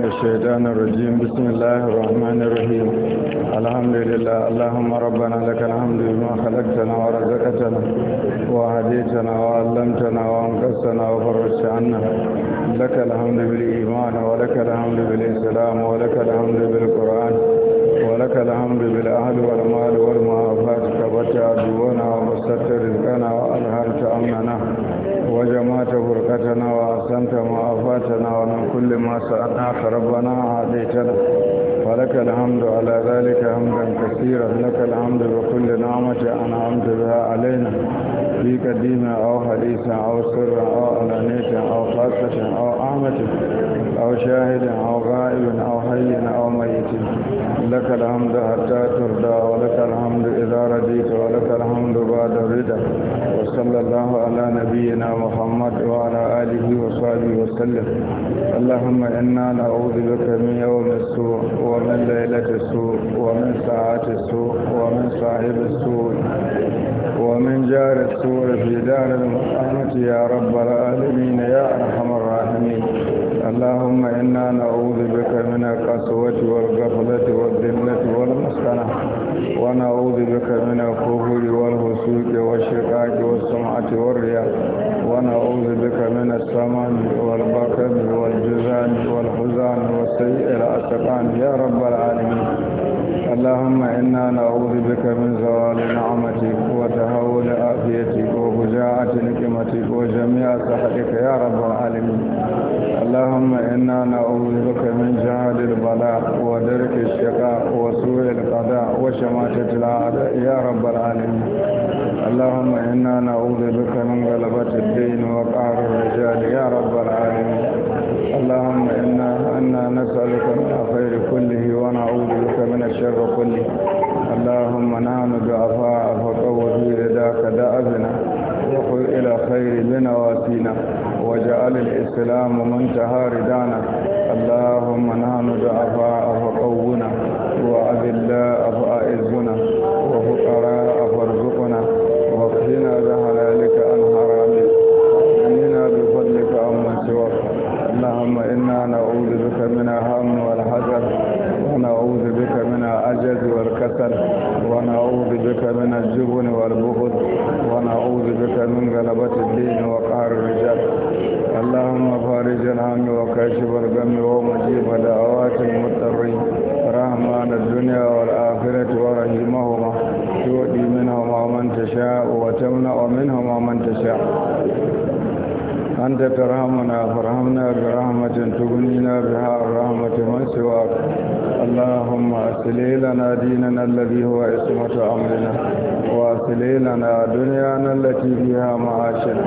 الشيطان الرجيم بسم الله الرحمن الرحيم الحمد لله اللهم ربنا لك الحمد بما خلقتنا ورزقتنا وهديتنا وعلمتنا وانقذتنا وفرجت عنا لك الحمد بالإيمان ولك الحمد بالإسلام ولك الحمد بالقرآن ولك الحمد بالأهل والمال والمعافاه كبت عدونا وبسطت رزقنا وأظهرت أمننا وجمعت بركتنا وأسنت معافاتنا ومن كل ما سألناك ربنا أعطيتنا فلك الحمد على ذلك حمدا كثيرا لك الحمد بكل نعمة أنعمت بها علينا في قديمة أو حديثا أو سرا أو علانية أو خاصة أو عامة أو شاهد أو غائب أو حي أو ميت لك الحمد حتى ترضى ولك الحمد إذا رضيت ولك الحمد بعد الرضا وصلى الله على نبينا محمد وعلى آله وصحبه وسلم اللهم إنا نعوذ بك من يوم السوء ومن ليلة السوء ومن ساعات السوء ومن صاحب السوء ومن جار السوء في دار المقامة يا رب العالمين يا أرحم الراحمين اللهم إنا نعوذ بك من القسوة والغفلة والذلة والمسكنة ونعوذ بك من الكفر والفسوق والشقاق والسمعة والرياء ونعوذ بك من السمن والبكر والجزان والحزان والسيء الأسقان يا رب العالمين اللهم إنا نعوذ بك من زوال نعمتك وتهول آفيتك وفجاعة نكمتك وجميع سحرك يا رب العالمين اللهم إنا نعوذ بك من جهل البلاء ودرك الشقاء وش ما تتلى يا رب العالمين اللهم إنا نعوذ بك من غلبة الدين وقعر الرجال يا رب العالمين اللهم إنا أنا نسألك من الخير كله ونعوذ بك من الشر كله اللهم نحن ضعفاء فقوة في رداك دأبنا وقل إلى خير بنواسينا وجعل الإسلام منتهى ردانا اللهم نحن ضعفاء فقونا وأذلاء والهم والحجر ونعوذ بك من العجز والكسل ونعوذ بك من الجبن والبغض ونعوذ بك من غلبة الدين وقهر الرجال اللهم فارج الهم وكاشف الغم ومجيب دعوات المضطرين رحمن الدنيا والآخرة ورحيمهما تؤدي منهما من تشاء وتمنع منهما من تشاء أنت ترحمنا فارحمنا برحمة تغنينا بها الرحمة من سواك اللهم أسلي لنا ديننا الذي هو عصمة أمرنا وأسلي لنا دنيانا التي فيها معاشنا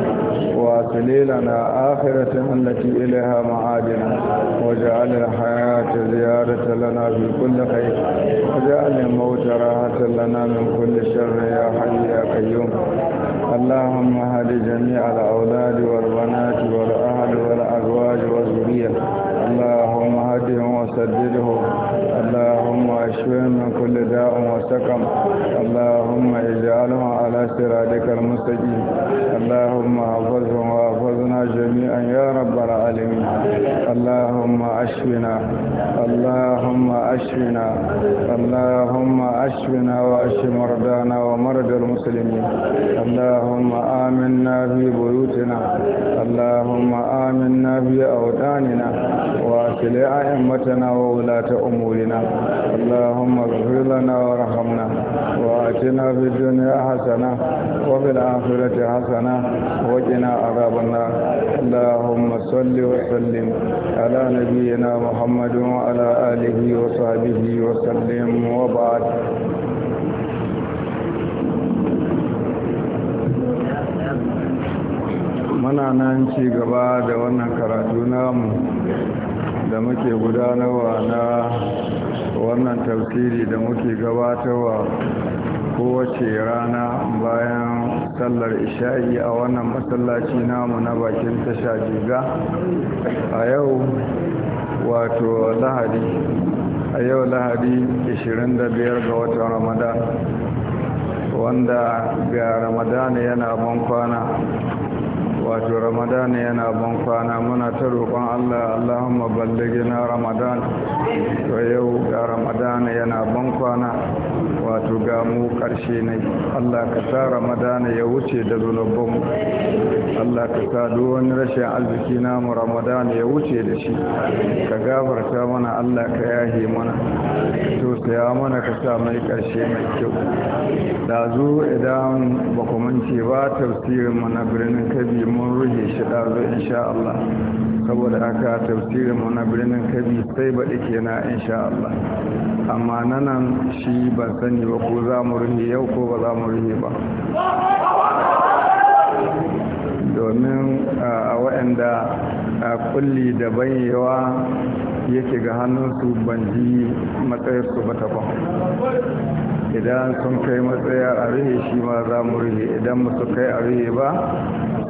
وأسلي لنا آخرتنا التي إليها معادنا واجعل الحياة زيادة لنا في كل خير واجعل الموت راحة لنا من كل شر يا حي يا قيوم اللهم هد جميع الأولاد والبنات والأهل والأزواج والذرية الله وهدهم وسدده اللهم اشفهم من كل داء وسقم اللهم اجعلهم على صراطك المستقيم اللهم احفظهم واحفظنا جميعا يا رب العالمين اللهم اشفنا اللهم اشفنا اللهم اشفنا واشف مرضانا ومرضى المسلمين اللهم امنا في بيوتنا اللهم امنا في اوطاننا واصلح أئمتنا وولاة أمورنا اللهم اغفر لنا وارحمنا وآتنا في الدنيا حسنة وفي الآخرة حسنة وقنا عذاب النار اللهم صل وسلم على نبينا محمد وعلى آله وصحبه وسلم وبعد muna nan ci gaba da wannan karatu namu da muke gudanarwa na wannan tafsiri da muke gabatarwa kowace rana bayan sallar isha'i a wannan masallaci namu na bakin tasha jiga a yau wato lahadi a yau lahadi 25 ga watan ramadan wanda ga ramadana yana ban kwana wato ramadan yana ban kwana muna ta roƙon allah allahumma balligina ramadan to yau ga ramadan yana ban kwana wato ga mu karshe ne Allah ka sa ramadana ya wuce da mu. Allah ka sa duk wani rashin arziki namu ramadan ya wuce da shi ka gafarta mana Allah ka yahe mana to saya mana ka sa mai karshe mai kyau dazu idan ba ku ce ba tafsirin mu na birnin kabi mun ruhe shi dazu insha Allah saboda aka tafsirin mu na birnin kabi sai baɗi kenan insha Allah amma nanan shi ban sani ne ba ko za mu rufe yau ko ba za mu rufe ba domin a waɗanda kulli da bayyawa yake ga hannunsu ban ji matsayarsu ba ta ba idan sun kai matsaya a rihe shi ma za mu rihe idan su kai a ba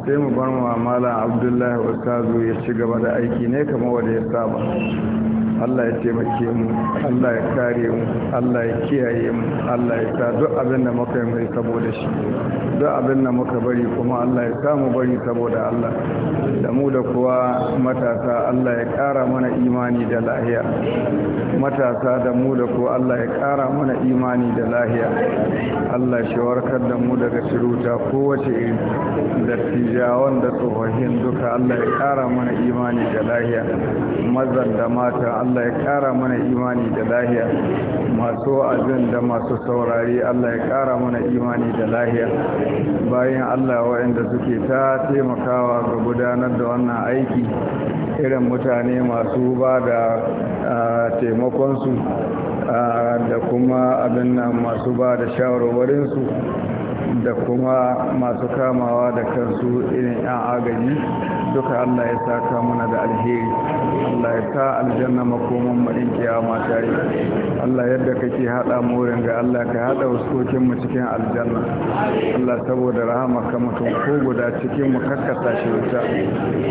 sai mu bar mamala abdullahi wasu ya ci gaba da aiki ne kamar wanda ya saba Allah ya taimake mu Allah ya kare mu Allah ya kiyaye mu Allah ya sa duk abin da muka yi mai saboda shi duk abin da muka bari kuma Allah ya sa mu bari saboda Allah da mu da kuwa matasa Allah ya kara mana imani da lahiya matasa da mu da kuwa Allah ya kara mana imani da lahiya Allah shi warkar da mu daga shiruta kowace iri da tijawan da tsohon duka Allah ya kara mana imani da lahiya mazan da mata Allah ya ƙara mana imani da lahiya masu wa'azin da masu saurari Allah ya ƙara mana imani da lahiya bayan Allah waɗanda suke ta taimakawa ga gudanar da wannan aiki irin mutane masu ba da taimakonsu da kuma abin nan masu ba da shawarwarinsu da kuma masu kamawa da kansu irin 'yan agaji duka allah ya saka muna da alheri allah ya sa aljanna makoman maɗin kiyama tare allah yadda kake haɗa morin ga allah ka haɗa wasu mu cikin aljanna allah saboda rahama ka mutum ko guda cikin mu kakkasa shi wuta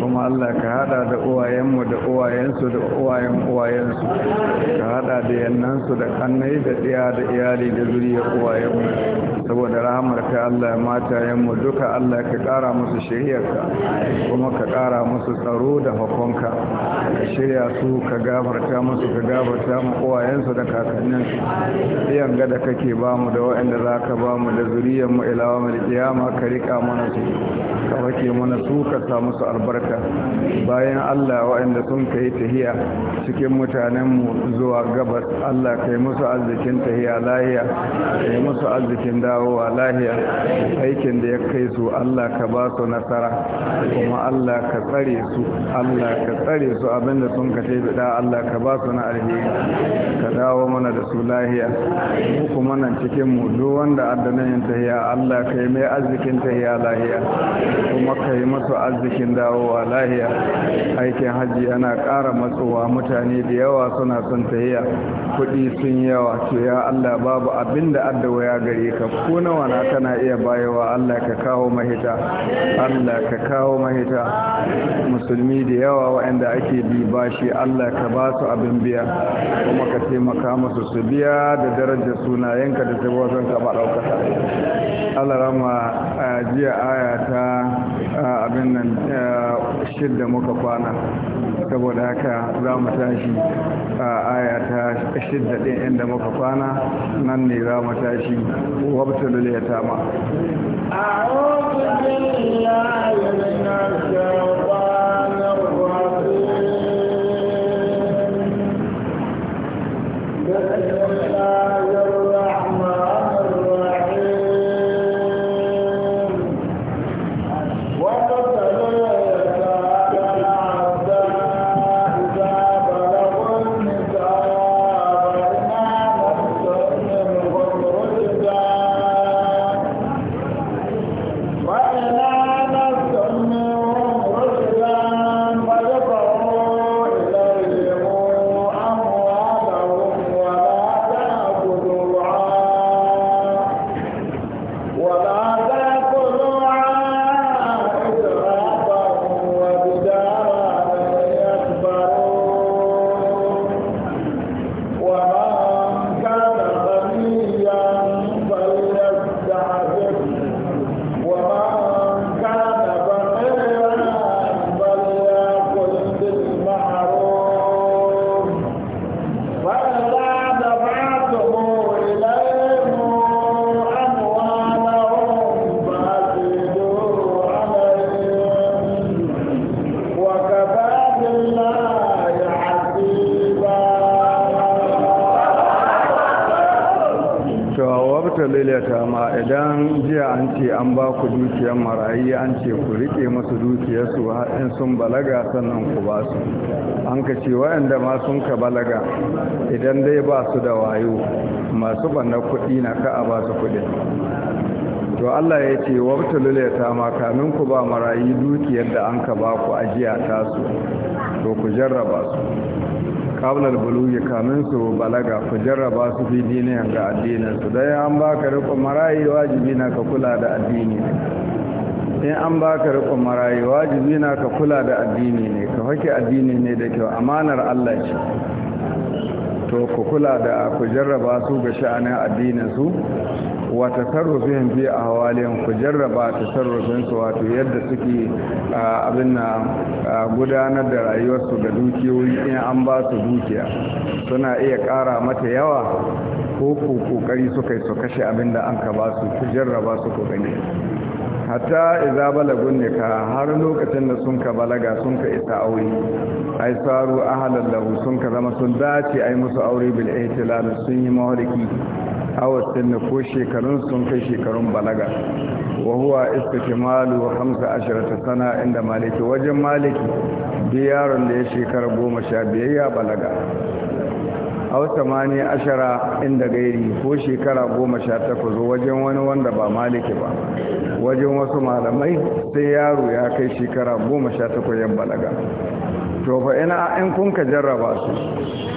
kuma allah ka haɗa da uwayenmu da uwayensu da uwayen uwayensu ka haɗa da yannansu da kannai da ɗiya da iyali da zuriyar uwayenmu saboda rahamar mata Allah matayenmu duka Allah ka ƙara musu shiryarka kuma ka ƙara musu tsaro da hukunka ka shirya su ka gafarta musu ka gafarta mu kowayensu da kakanninsu iyan gada kake ba mu da waɗanda za ka ba mu da zuriyar mu ilawa mu da kiyama ka riƙa mana su ka wake mana su ka sa musu albarka bayan Allah waɗanda sun kai tahiya cikin mutanen mu zuwa gabas Allah kai musu arzikin tahiya lahiya kai musu arzikin dawowa lahiya aikin da ya kai su Allah ka ba su nasara kuma Allah ka tsare su Allah ka tsare su abinda sun ka ce bida Allah ka ba su na alheri ka dawo mana da su lahiya kuma nan cikin mu duk wanda addanan tahiya Allah ka yi mai arzikin tahiya lahiya kuma ka yi masu arzikin dawowa lahiya aikin hajji ana ƙara matsowa mutane da yawa suna son tahiya kuɗi sun yawa to ya Allah babu abinda addawa ya gare ka ko nawa na kana iya bayawa Allah ka kawo mahita Allah ka kawo mahita musulmi da yawa waɗanda ake bi bashi Allah ka ba su abin biya kuma ka taimaka musu su biya da darajar sunayenka da tabbatar ka ba Allah rama jiya aya ta abin nan shidda muka kwana saboda haka za mu tashi a aya ta shidda ɗin inda muka kwana nan ne za mu tashi wabta lulaya ta ma أعوذ بالله من الشيطان balaga sannan ku ba su an ka ce waɗanda ma sun ka balaga idan dai ba su da wayo masu banna kuɗi na ka a ba su kudi to Allah ya ce wabtalul yatama kamin ku ba marayi dukiyar da an ka ba ku ajiya ta su to ku jarraba su kabilar buluge kamin su balaga ku jarraba su fi dinin ga addinin su dai an baka rikon marayi wajibi na ka kula da addini in an baka rikon marayu wajibi na ka kula da addini ne ka hake addini ne da kyau amanar Allah ce to ku kula da ku jarraba su ga sha'anin addinin su wata tasarrufin fi ahwalihim ku jarraba ta tasarrufin su wato yadda suke abin na gudanar da rayuwarsu da ga dukiyoyi in an ba su dukiya suna iya ƙara mata yawa ko ku kokari suka yi su kashe abin da an ka ba su ku jarraba su ku gani hatta iza balagun nika har lokacin da sun ka balaga sun ka isa aure ai saru ahalan lahu sun ka zama sun dace ai musu aure bil ihtilal sun yi mawariki awastin da ko shekarun sun kai shekarun balaga wa huwa istikmalu 15 sana inda maliki wajen maliki biyaron da ya shekara 15 ya balaga hau samani ashara inda gairi ko shekara goma sha takwas wajen wani wanda ba maliki ba wajen wasu malamai sai yaro ya kai shekara goma sha takwas ya balaga to fa ina in kun ka jarraba su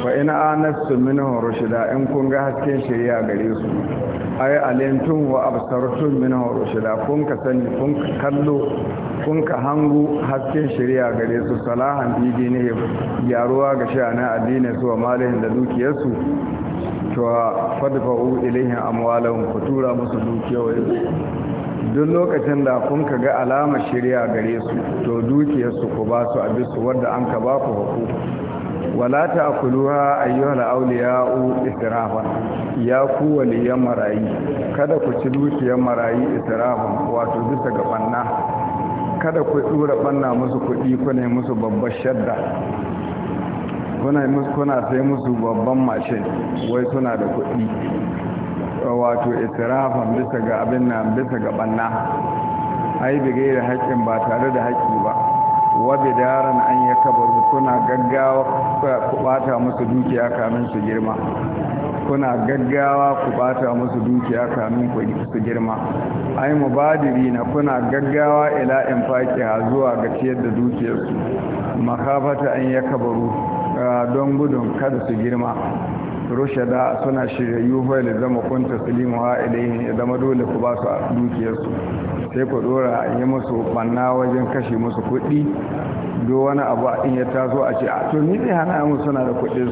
fa ina anasu minhum rushida in kun ga hasken shari'a gare su ay alintum wa absartum minhum rushida kun ka sani kun ka kallo kun ka hangu hasken shari'a gare su salahan bibi ne ya ruwa ga sha'anin addinin su wa malihin da dukiyarsu to fadfa'u ilaihim amwalahum ku tura musu dukiyoyi duk lokacin da kun ka ga alamar shirya gare su to su ku ba su su wadda an ka ba ku haku wala ta akuluha ayyuhal awliya'u israfan ya ku waliyan marayi kada ku ci dukiyar marayi israfan wato bisa ga banna kada ku dura banna musu kuɗi ku ne musu babbar shadda kuna sai musu babban mashin wai suna da kuɗi wato itirafan bisa ga abin nan bisa ga banna ai bi da haƙƙin ba tare da haƙƙi ba wa daran an ya kabaru suna gaggawa ku bata musu dukiya kamin su girma kuna gaggawa ku bata musu dukiya kamin ku su girma ai mubadiri na kuna gaggawa ila ha zuwa ga ciyar da dukiyarsu makafata an ya kabaru ah, don gudun kada su girma rushada suna shiryayyu fa da zama kun taslimu ha ilayhi zama dole ku ba su dukiyarsu sai ku dora yi musu banna wajen kashe musu kuɗi do wani abu in ya taso a ce a to ni hana mu suna da kuɗin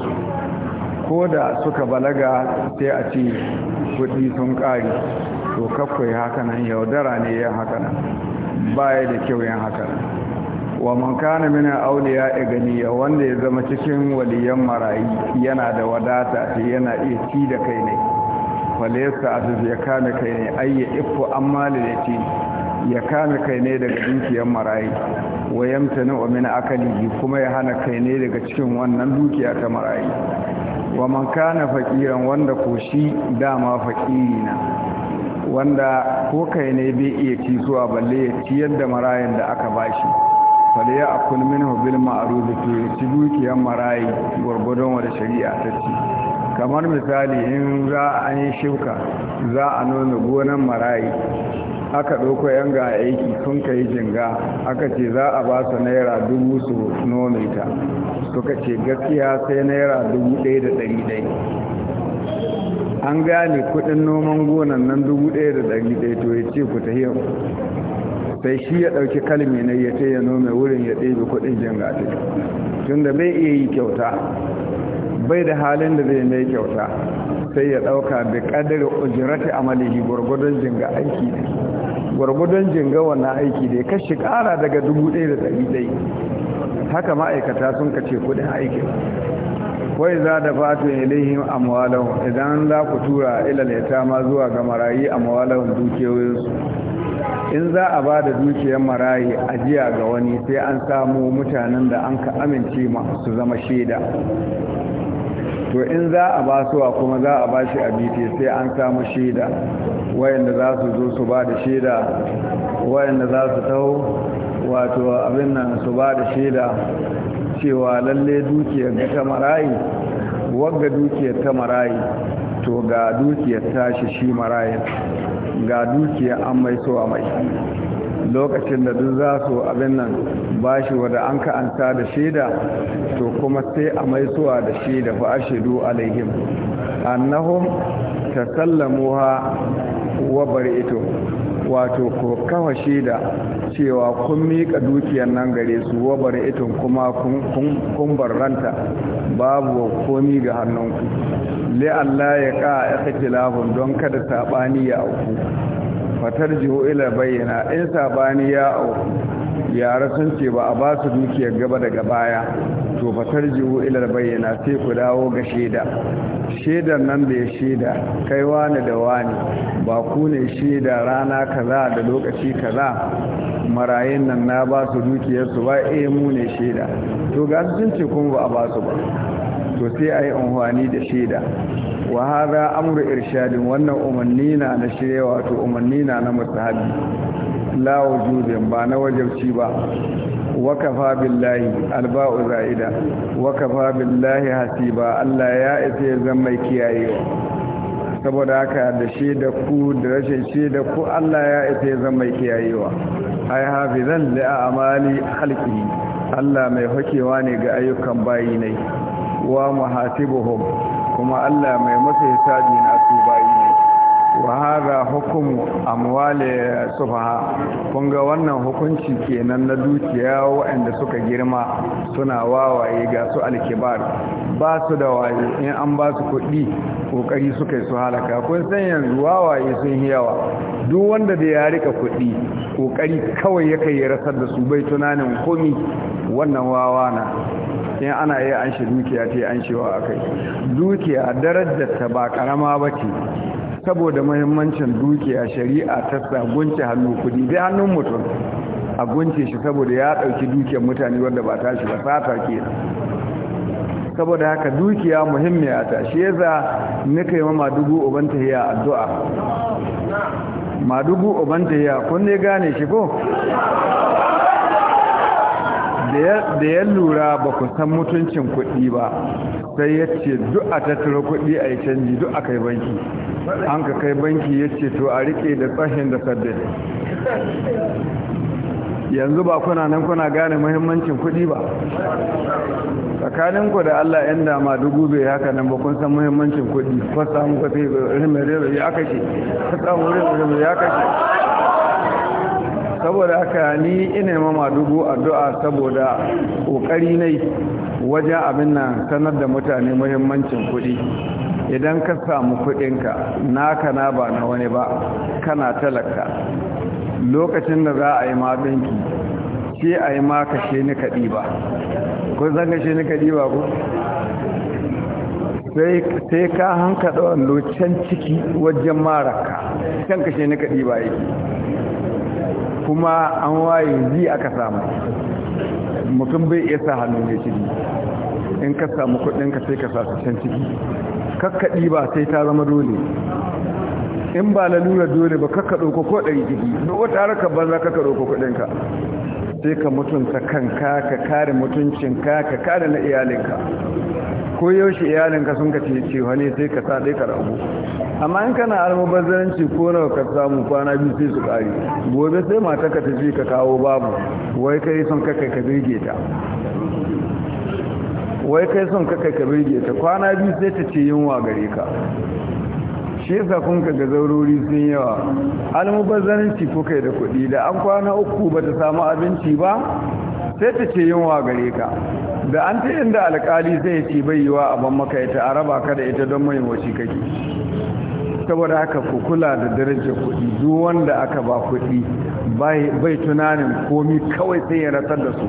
ko da suka balaga sai a ce kuɗi sun ƙare to kakwai haka yaudara ne yin haka nan baya da kyau yin haka wa man kana min gani ya wanda ya zama cikin waliyan marayi yana da wadata ta yana iya ci da kai ne falaysa azu ya kame kai ne ayya ifu amma lati ya kame kai ne daga dukiyar marayi wa yamtana wa min akalihi kuma ya hana kai ne daga cikin wannan dukiya ta marayi wa man kana faqiran wanda ko shi dama faqiri na wanda ko kai ne bai iya ci zuwa balle ya ciyar da marayin da aka bashi faliya a kulmin hobil ma'aru da ke ci dukiyar marayi gwargwadon wadda shari'a ta ci kamar misali in za a yi shuka za a nuna gonan marayi aka ɗauko yan ga aiki sun ka yi jinga aka ce za a ba su naira dubu su nome ta suka ce gaskiya sai naira dubu ɗaya da ɗari ɗaya an gane kuɗin noman gonan nan dubu ɗaya da ɗari ɗaya to ya ce ku ta sai shi ya ɗauki kalmi na ya ce ya nome wurin ya ɗebe kuɗin jin gati tun da bai iya yi kyauta bai da halin da zai mai kyauta sai ya ɗauka da ƙadar ujirati amalihi gwargwadon ga aiki ne gwargwadon ga wannan aiki ne shi ƙara daga dubu ɗaya da ɗari ɗai haka ma'aikata sun kace kuɗin aiki. wai za da fatu ilaihim amwalahu idan za ku tura ilal ma zuwa ga marayi amwalahu dukiyoyinsu in za a ba da dukiyar marayi ajiya ga wani sai an samu mutanen da an ka amince su zama shaida to in za a ba suwa kuma za a ba shi abiti sai an samu shaida wayanda za su zo su ba da shaida wayanda za su taho wato abin nan su ba da shaida cewa lalle dukiyar ta marayi wagga dukiyar ta marayi to ga dukiyar tashi shi marayin ga dukiya an mai so a mai lokacin da duk za su abin nan ba shi wadda an ka'anta da shaida to kuma sai a mai so da shaida fa ashidu alaihim annahum tasallamuha wa ito wato ko kawa shaida cewa kun miƙa dukiyar nan gare su wa ito kuma kun bar ranta babu komi ga hannunku Allah ya ka a ikhtilafun don kada sabani ya auku fatar jiho ila bayyana in sabani ya auku yara sun ce ba a ba su dukiyar gaba daga baya to fatar jiho ila bayyana sai ku dawo ga shaida shaidar nan da ya shaida kai wani da wani ba ku ne shaida rana kaza da lokaci kaza Marayun nan na ba su dukiyarsu ba eh mu ne shaida to ga sun ce kuma ba a ba su ba to sai a yi amfani da shaida wa hada amru irshadin wannan umarni na na shirya wato umarni na na mustahabi la wujudin ba na wajabci ba wa kafa billahi alba'u za'ida wa kafa billahi hasiba Allah ya isa zan mai kiyayewa saboda haka da shaida ku da rashin shaida ku Allah ya isa zan mai kiyayewa ai hafizan li a'mali khalqi Allah mai hakewa ne ga ayyukan bayi ne wa muhatibuhum kuma Allah mai masa hisabi na su bayi ne wa hada hukum amwali sufaha kun ga wannan hukunci kenan na dukiya waɗanda suka girma suna wawaye ga su alkibar ba su da waye in an ba su kuɗi kokari suka yi su halaka kun san yanzu wawaye sun yi yawa duk wanda da ya rika kuɗi kokari kawai yake ya rasar da su bai tunanin komi wannan wawa na sai ana yi an shi dukiya ta an shewa a kai dukiya darajar ta ba karama ba ce saboda mahimmancin dukiya shari'a ta gunce hannu kudi dai hannun mutum a gunce shi saboda ya ɗauki dukiyar mutane wanda ba ta shi ba sata ke saboda haka dukiya muhimmiya ta shi za nika yi wa madugu uban yi addu'a madugu uban yi kun ne gane shi ko da ya lura ba ku san mutuncin kuɗi ba sai ya ce duk a tattara kuɗi a yi canji duk a kai banki an ka kai banki ya ce to a riƙe da tsahin da saddade yanzu ba kuna nan kuna gane muhimmancin kuɗi ba tsakaninku da Allah ‘yan dama dubu bai haka nan ba kun san muhimmancin kuɗi ko samu kwafi sai ya kashe ka samu rimere ya kashe saboda haka ni ina mama dubu addu'a saboda ƙoƙari ne wajen abin nan sanar da mutane muhimmancin kuɗi idan ka samu kuɗinka naka na ba na wani ba kana talaka lokacin da za a yi ma ɗinki ce a yi ma kashe ni kaɗi ba ko zan kashe ni kaɗi ba ko sai ka hankaɗa wando can ciki wajen maraka can kashe ni kaɗi ba yake kuma an waye ji aka samu mutum bai iya sa hannu ne ciki in ka samu kudin ka sai ka sa su can ciki kakkaɗi ba sai ta zama dole in ba lalura dole ba kakka ɗauko ko ɗari ciki duk wata harkar za kakka ɗauko kuɗinka sai ka mutunta kanka ka kare mutuncinka ka kare na iyalinka ko yaushe iyalinka sun ka ce wani sai ka sa ɗaya ka rabu amma in kana almubazzaranci ko nawa ka samu kwana biyu sai su ƙari gobe sai mata ka tafi ka kawo babu wai kai son kakai ka birge ta wai kai son kakai ka birge ta kwana biyu sai ta ce yunwa gare ka shi yasa kun ka ga zaurori sun yawa almubazzaranci ko kai da kuɗi da an kwana uku ba ta samu abinci ba sai ta ce yunwa gare ka da an ta inda alkali zai ce bai yiwa a ban maka ita a raba ka da ita don mai wasi kake saboda haka ku kula da daraja kuɗi duk wanda aka ba kuɗi bai tunanin komi kawai sai ya rasar da su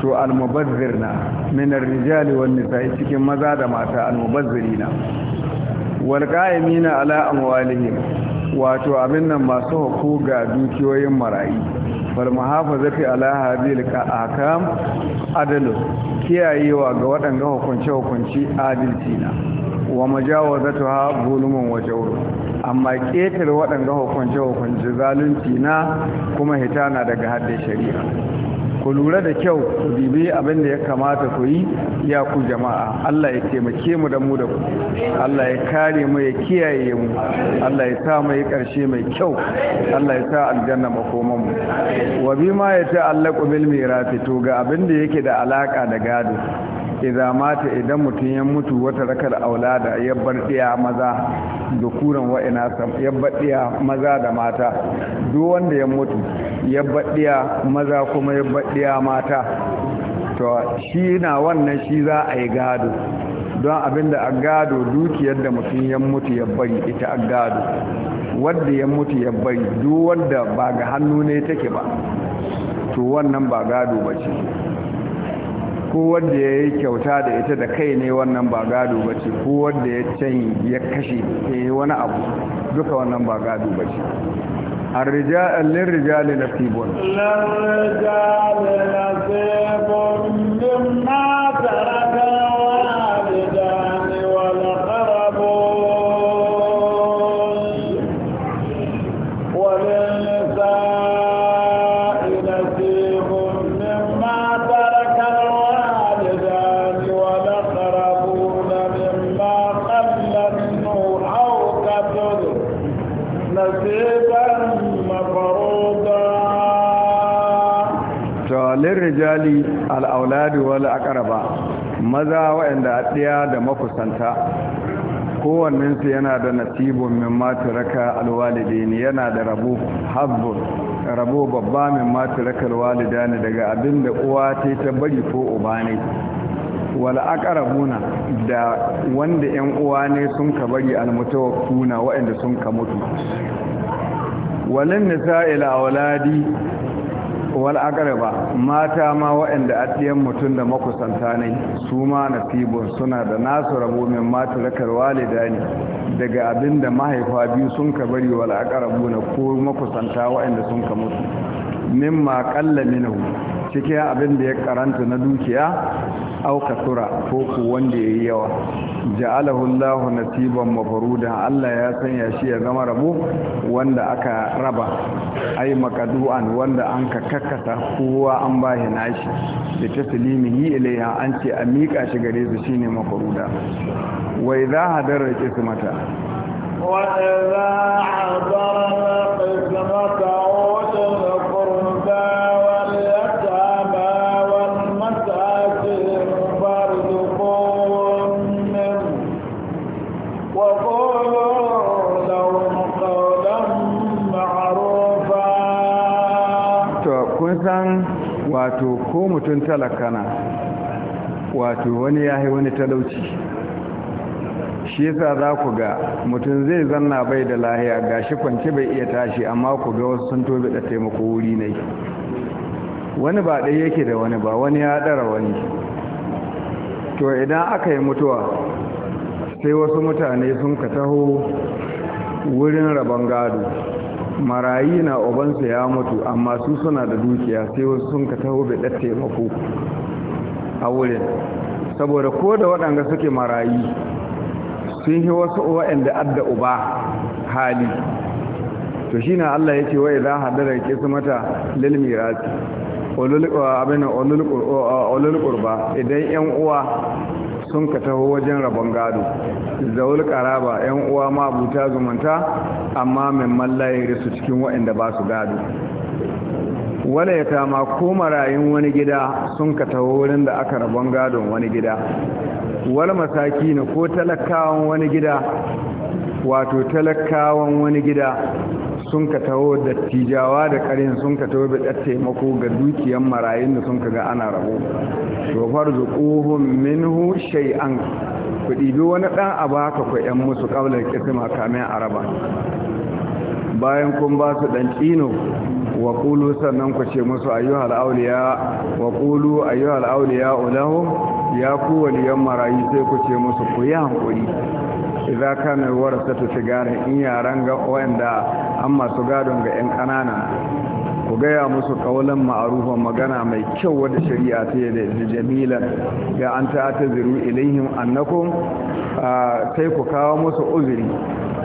to almubazzir na minar rijali wani sai cikin maza da mata almubazirina na qa'imina ala amwalihim wato abin nan masu hukuga dukiyoyin marayi wal muhafazati ala hadhil ahkam adalu kiyayewa ga waɗanda hukunce hukunci adalci na wa majawazatuha zulumun wa jawru amma ƙetare waɗanda hukunce hukunci zalunci na kuma hitana daga haddin shari'a ku lura da kyau ku bibi abin da ya kamata ku yi ya ku jama'a Allah ya taimake mu da mu da ku Allah ya kare mu ya kiyaye mu Allah ya sa mu yi karshe mai kyau Allah ya sa aljanna makoman mu wa bima ya ta'allaqu bil mirasi to ga abin da yake da alaka da gado idza mata idan mutum ya mutu wata rakar aulada ya bar diya maza da kuran wa'ina ya bar diya maza da mata duk wanda ya mutu ya bar diya maza kuma ya bar diya mata to shi na wannan shi za a yi gado don abinda a gado dukiyar da mutum ya mutu ya bari ita a gado wanda ya mutu ya bari duk wanda ba ga hannu ne take ba to wannan ba gado ba ce ko wanda ya yi kyauta da ita da kai ne wannan ba gado ba ce ko wanda ya can ya kashe ya yi wani abu duka wannan ba gado ba ce na fibon نصيب للرجال نصيب مما ترك auladi wal aqraba maza waɗanda addiya da makusanta kowannen yana da nasibun min mataraka alwalidaini yana da rabo habbun rabo babba min mataraka alwalidaini daga abinda da uwa ta ta bari ko uba ne wal aqrabuna da wanda yan uwa ne sun ka bari almutawaffuna waɗanda sun ka mutu walin nisa ila auladi wal aqraba mata ma waɗanda atiyan mutum da makusanta ne su ma nasibun suna da nasu rabu min mata lakar walidani daga abinda mahaifa biyu sun ka bari wal aqrabu na ko makusanta waɗanda sun ka mutu min qalla minhu cikin abin da ya karanta na dukiya aukatura kasura ko ku wanda yayi yawa ja'alahu Allahu nasiban mafruda Allah ya sanya shi ya zama rabo wanda aka raba ai makadu'an wanda an ka kakkata kowa an bashi nashi da taslimihi ilaiha an ce a miƙa shi gare su shine mafruda wa idha hadara qismata wa idha hadara qismata wato ko mutum talakana wato wani yahi wani talauci shi yasa za ku ga mutum zai zanna bai da lahiya ga shi kwanci bai iya tashi amma ku ga wasu sun tobe da taimako wuri ne wani ba ɗaya yake da wani ba wani ya ɗara wani to idan aka yi mutuwa sai wasu mutane sun ka taho wurin rabon gado marayi na ubansa ya mutu amma su suna da dukiya sai wasu sun ka taho bai ɗatta mako a wurin saboda ko da waɗanda suke marayi sun yi wasu waanda adda uba hali to shi na Allah ya ce wai a idan haddada ke su mata lilmirati olulukurba idan yan uwa sun ka taho wajen rabon gado zaul karaba yan uwa ma ta zumunta amma min mallaye su cikin waɗanda ba su gado wala ya tama ko marayun wani gida sun ka taho wurin da aka rabon gadon wani gida wal masaki ko talakawan wani gida wato talakawan wani gida sun ka taho da tijawa da karin sun ka taho da taimako ga dukiyan marayun da sun ka ga ana rabo to farzu quhum minhu shay'an ku ɗibi wani ɗan a baka ku ƴan musu ƙablar makamai kamin raba bayan kun ba su ɗan ƙino wa ƙulu sannan ku ce musu ayyuhal auliya wa ƙulu ayyuhal ya ku waliyan marayu sai ku ce musu ku yi hankuri iza kana ta ne in yaran ga wanda an masu gadon ga yan kanana ku gaya musu kaulan ma'arufa magana mai kyau wadda shari'a ta yi da Jamila, ya an ta ta ziru ilayhim annakum sai ku kawo musu uzuri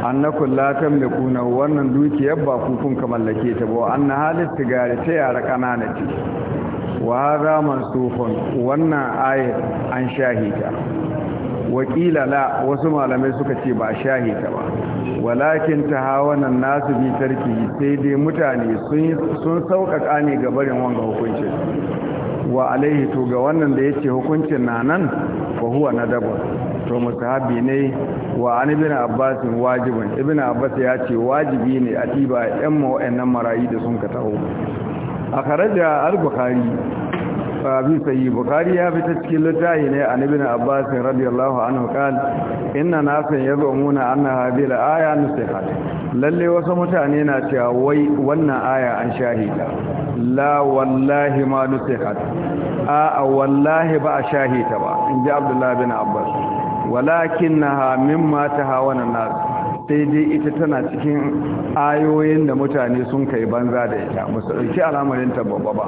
annakun latan da kuna wannan dukiyar ba kukun ka mallake ta ba an halin sigari ta yara kanana ce wa za mansufun wannan ayat an shahita wakila la wasu malamai suka ce ba shahi ta ba walakin ta hawa nan nasu bi tarki sai dai mutane sun sauƙaƙa ne ga barin wanga hukuncin wa alaihi to ga wannan da yace hukuncin na nan ba huwa nadabun to mustahabi ne wa an ibn abbas wajibun ibn abbas ya ce wajibi ne a tiba yan ma nan marayi da sun ka taho akhraja al-bukhari sahabi sayi bukari ya fita cikin littafi ne a nabin abbas radiyallahu anhu kan inna nasan yazumuna anna hadhihi al-aya nusihat lalle wasu mutane na cewa wai wannan aya an shahida la wallahi ma nusihat a wallahi ba a shahita ba In ji abdullahi bin abbas Walakin ma ta hawa na nas sai dai ita tana cikin ayoyin da mutane sun kai banza da ita musu ɗauki alamarin ta babba ba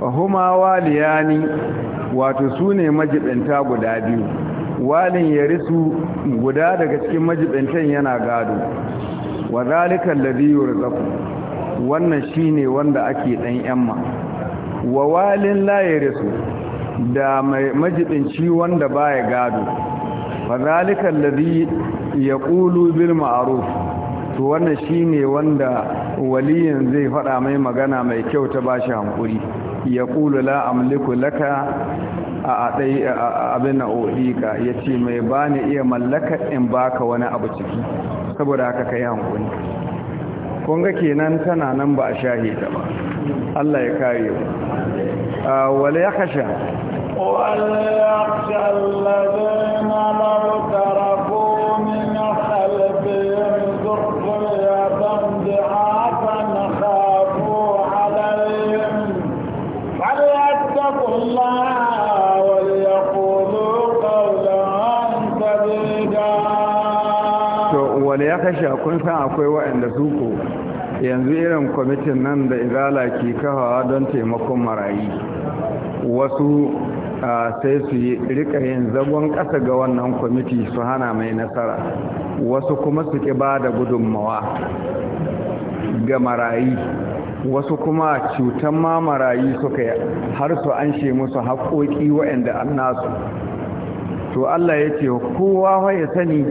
huma waliyani wato su ne majibinta guda biyu walin ya risu guda daga cikin majibintan yana gado wa zalika alladhi yurzaqu wannan shine wanda ake dan yamma wa walin la ya risu da majibinci wanda baya gado fa zalika alladhi yaqulu bil ma'ruf to wannan shine wanda waliyin zai faɗa mai magana mai kyau ta bashi hankuri ya ƙulu la amliku laka a ɗai abin na odika ya ce mai bani iya mallakar in baka wani abu ciki saboda haka ka yi hankuri ga kenan tana nan ba a shahi ta ba Allah ya kare mu Wale ya kasha Wani ya kashe kun san akwai waɗanda su ko yanzu irin kwamitin nan da izala ke kawawa don taimakon marayi wasu sai su yi rika yin zagon ƙasa ga wannan kwamiti su hana mai nasara wasu kuma su ki ba da gudunmawa ga marayi wasu kuma cutan ma marayi suka har su an musu haƙoƙi waɗanda an nasu to Allah ya ce kowa ya sani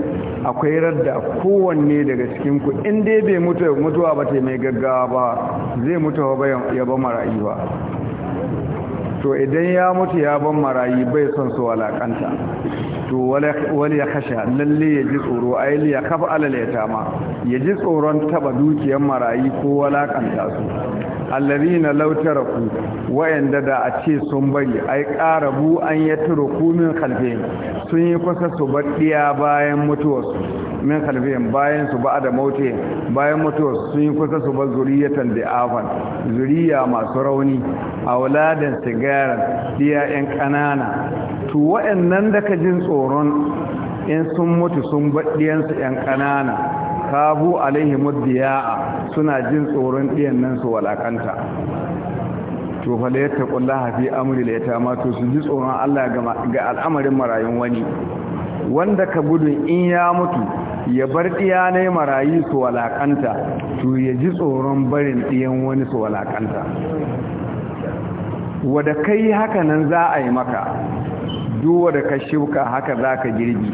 akwai radda kowanne daga cikin ku in dai bai mutu mutuwa ba ta mai gaggawa ba zai mutu ba ya ba marayi ba to idan ya mutu ya ban marayi bai son su walakanta to wani ya kasha lalle ya ji tsoro a yi ya kafa alal ya tama ya ji tsoron taba dukiyar marayi ko walakanta su allari na lautar ku wayanda da a ce sun bari ai karabu an ya turo ku min kalfe sun yi kusa su baɗiya bayan mutuwarsu min kalfe bayan su ba da mauti; bayan mutuwarsu sun yi kusa su bar zuriyatan da afan zuriya masu rauni a wuladen sigaran diya 'yan ƙanana to wayannan da ka jin tsoro tsoron in sun mutu sun baɗiyansu 'yan ƙanana kabu alaihi muddiya'a suna jin tsoron ɗiyan nan su walakanta to fa la yattaqullaha fi amri la yatama to su ji tsoron Allah ga al'amarin marayun wani wanda ka gudun in ya mutu ya bar ɗiya ne marayi su walakanta to ya ji tsoron barin ɗiyan wani su walakanta wadda kai haka nan za a yi maka duwa da ka shuka haka za ka girbi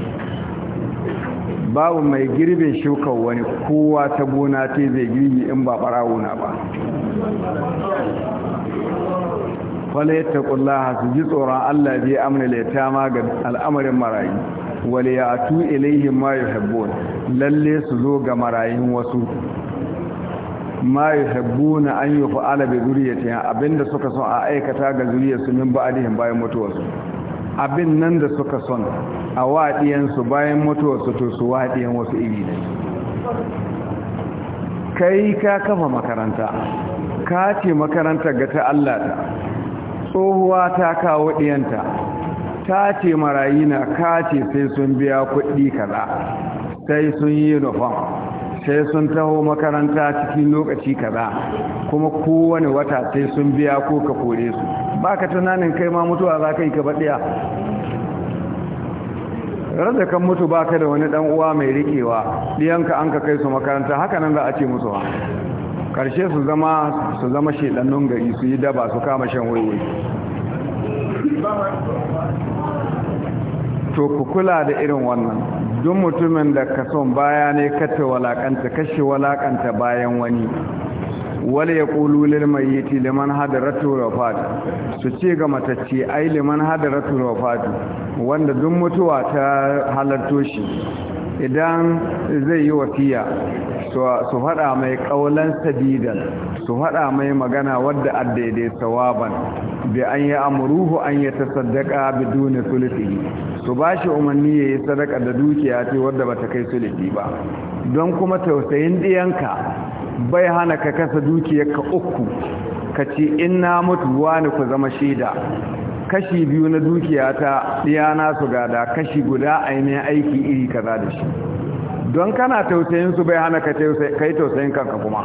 babu mai girbe shuka wani kowa ta gona ce zai girbi in ba ɓarawuna ba wale ya taƙullaha su ji tsoron allah zai amina ta ma ga al'amarin marayu wale ya tu ilaihin mayu yi lalle su zo ga marayu wasu mayu yi habbuna an yi fa'ala bai zuriyar abinda suka son a aikata ga zuriyar su min ba'adihin bayan mutuwarsu abin nan da suka son a waɗiyansu bayan mutuwarsu to su waɗiyan wasu iri ne kai ka kafa makaranta ka ce makarantar ga ta Allah ta tsohuwa ta kawo ɗiyanta ta ce marayi na ka ce sai sun biya kuɗi kaza sai sun yi nufan sai sun taho makaranta cikin lokaci kaza kuma kowane wata sai sun biya ko ka kore su ba ka tunanin kai ma mutuwa za ka yi ka baɗiya rada kan mutu ba ka da wani ɗan uwa mai rikewa ɗiyanka an ka kai su makaranta haka nan za a ce musu ƙarshe su zama su zama shiɗannun gari su yi daba su kama shan waiwai to ku kula da irin wannan duk mutumin da ka son baya ne kata walakanta kashe walakanta bayan wani wale ya ƙulu ti liman hadaratu wafat su ce ga matacce ai liman hadaratu wafat wanda duk mutuwa ta halarto shi idan zai yi wasiya su faɗa mai ƙaunar sabidan su faɗa mai magana wadda adaidai tsawaban, bi an yi amuruhu an yi ta saddaka bi duni su ba shi umarni ya yi sadaka da dukiya ce wadda ba ta kai sulufi ba don kuma tausayin ɗiyanka bai hana ka kasa ka uku ka ce in na mutu wani ku zama shaida kashi biyu na dukiya ta ɗiyana su gada kashi guda ainihin aiki iri kaza da shi don kana tausayin su bai hana ka yi tausayin kanka kuma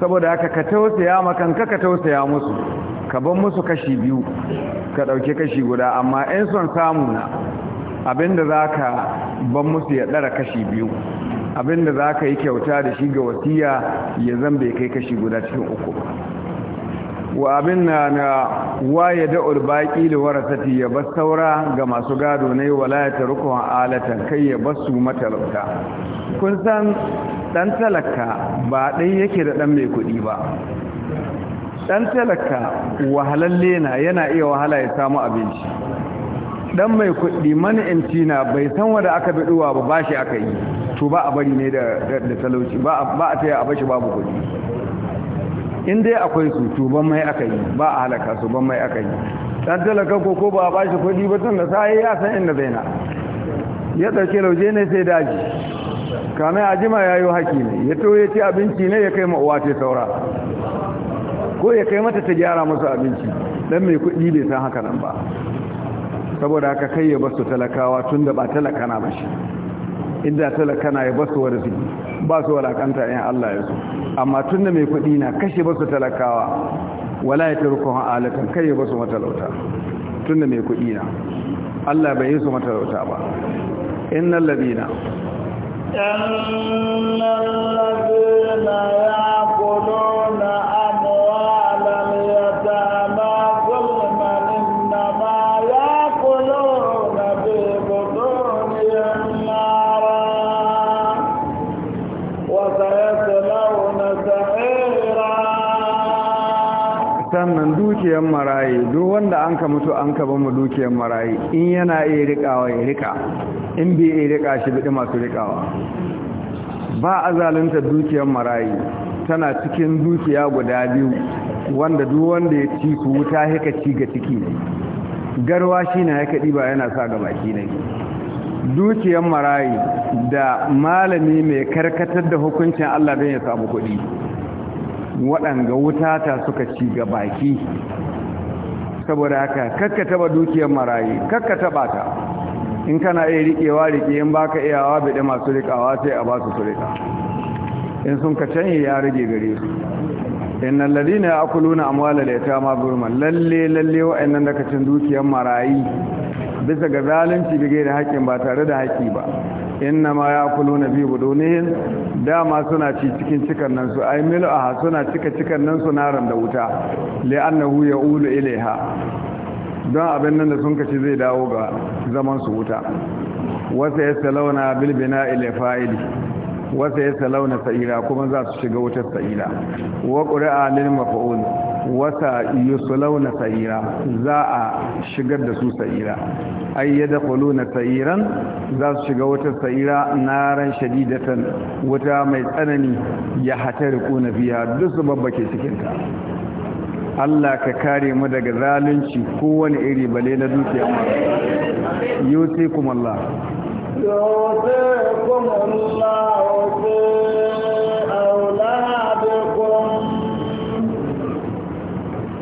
saboda haka ka tausaya makanka ka tausaya musu ka ban musu kashi biyu ka ɗauki kashi guda amma in son samu na abinda za ka ban musu ya ɗara kashi biyu abinda za ka yi kyauta da shi ga wasiya ya zan bai kai kashi guda cikin uku ba wa abin na na waye da ulbaki da warasati ya bar saura ga masu gado ne wala ya tarukun alatan kai ya bar su matalauta kun san dan talaka ba ɗai yake da ɗan mai kuɗi ba ɗan talaka wahalalle na yana iya wahala ya samu abinci dan mai kuɗi inci na bai san wanda aka biɗuwa ba ba shi aka yi to ba a bari ne da talauci ba a taya a bashi babu kuɗi in dai akwai su to ban mai aka yi ba a halaka su ban mai aka yi ɗan talaka ko ko ba a bashi kuɗi ba tun da sai ya san inda zai na ya ɗauke lauje ne sai daji kame a jima ya yi haƙi ne ya to ya ci abinci ne ya kai ma uwa ce saura ko ya kai mata ta gyara musu abinci dan mai kuɗi bai san haka nan ba saboda haka kai ya basu talakawa tun da ba talakana ba shi inda talakana ya basu wa rufi ba su walakanta in Allah ya su, amma tun da mai kuɗi na kashe basu talakawa wala ya tarukun alatan kai ya basu matalauta tun da mai kuɗi na Allah bai yi su matalauta ba innal ladina innal ladina yaquluna dukiyar marayi duk wanda an ka mutu an ka bamu dukiyar marayi in yana iya rikawa ya rika in bai iya rika shi bidi masu rikawa ba azalinta dukiyar marayi tana cikin dukiya guda biyu wanda duk wanda ya ci ku wuta haka ci ga ciki garwa shi na haka ɗiba yana sa ga baki ne dukiyar marayi da malami mai karkatar da hukuncin Allah don ya samu kuɗi waɗanga wuta ta suka ci ga baki saboda haka kakka taba dukiyar marayi kakka ta in kana iya riƙewa riƙe in baka iyawa bide masu riƙawa sai a ba su su riƙa in sun ka canye ya rage gare su In innal da ya'kuluna ta ma gurman lalle lalle wa'annan da dukiyar marayi bisa ga zalunci bige da haƙin ba tare da haƙƙi ba inna ma ya kulu na biyu budunihin dama suna ci cikin cikan nan su ai a suna cika cikan nan su naran da wuta annahu ya ulu ilaiha don abin nan da sun kaci zai dawo ga zaman su wuta wasa ya salauna bilbina ila fa'ili wasa ya salauna sa'ira kuma za su shiga wutar sa'ira wa ƙuri'a lil mafa'ul yusulau na sa'ira za a shigar da su sa'ira Ai ay na sa'iran za su shiga wata sa'ira naran shadidatan wata mai tsanani ya na biya duk su babbake cikin ta Allah ka kare mu daga zalunci kowane iri bale na dukiya sai yusikum Allah kuma Allah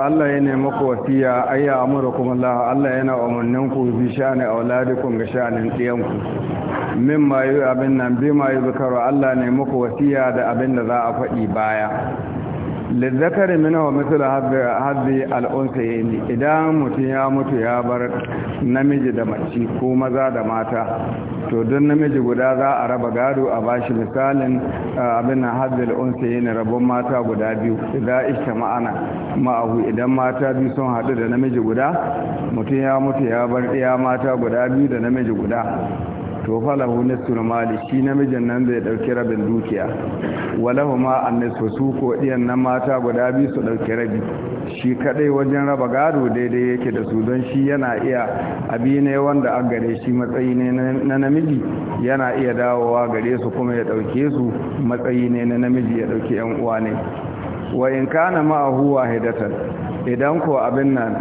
Allah ya nemi ku wasiya ayya kuma Allah Allah yana umarnin ku bi sha'ani auladikum ga sha'anin ɗiyanku min ma yi abin nan bi ma yi zukaro Allah ne muku wasiya da abin da za a faɗi baya lizzakari mina wa misali haddi al'unsa ya ne idan mutum ya mutu ya bar namiji da mace ko maza da mata to don namiji guda za a raba gado a bashi misalin abin haddi al'unsa ya ne rabon mata guda biyu idan ishta ma'ana ma'ahu idan mata biyu sun haɗu da namiji guda mutum ya mutu ya bar ɗaya mata guda biyu da namiji guda to falahu nisful mali shi namijin nan zai dauki rabin dukiya walahu ma annisu su ko diyan nan mata guda biyu su dauki rabi shi kadai wajen raba gado daidai yake da su don shi yana iya abi ne wanda an gare shi matsayi ne na namiji yana iya dawowa gare su kuma ya dauke su matsayi ne na namiji ya dauki yan uwa ne wa in kana ma'ahu wahidatan idan ko abin nan